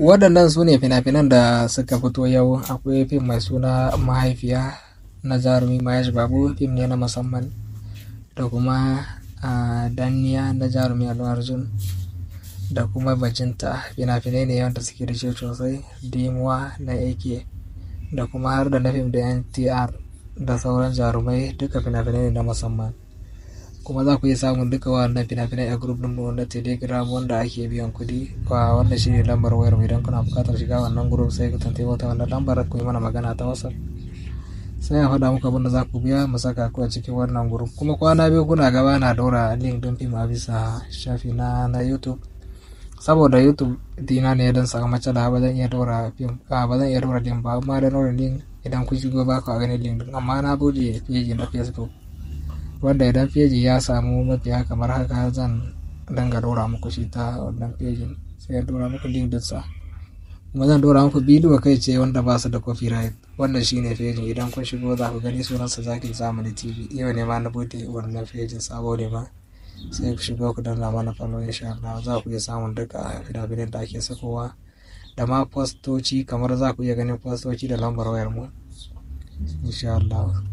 waɗannan su ne fina-finan da suka fito yau akwai fim mai suna mahaifiya na jarumi mayash babu fim ne na musamman da kuma Daniya na jarumi alwarjun da kuma bajinta fina-finai ne wanda suke da shi sosai dimuwa na ak da kuma har da na fim da ntr da sauran jarumai duka fina-finai ne na musamman kuma za ku iya samun duka wannan fina-finai a group din na telegram wanda ake biyan kuɗi wanda wannan ne lambar wayar mu idan kuna buƙatar shiga wannan group sai ku tantai wata wannan lambar ku yi mana magana ta wasa sai a faɗa muku abin da za ku biya mu saka ku a cikin wannan group kuma kwana biyu kuna gaba na daura link din fim a bisa shafi na na youtube saboda youtube dina ne don saka mace da bazan iya daura fim ba zan iya daura link ba amma da daura link idan ku shigo ba ku a ganin link amma na bude page na facebook wanda idan feji ya samu mafiya kamar haka zan dinga dora muku shi ta wannan fejin sai ya dora muku link dinsa kuma zan dora muku bidiyo kai ce wanda ba su da copyright wannan shine fejin idan kun shigo za ku gani sunansa zakin zamani tv yau ne ma na bude wannan fejin sabo ne ma sai ku shigo ku danna mana follow insha Allah za ku iya samun duka da finan da ake sakowa da ma fastoci kamar za ku iya ganin fastoci da lambar wayar mu insha Allah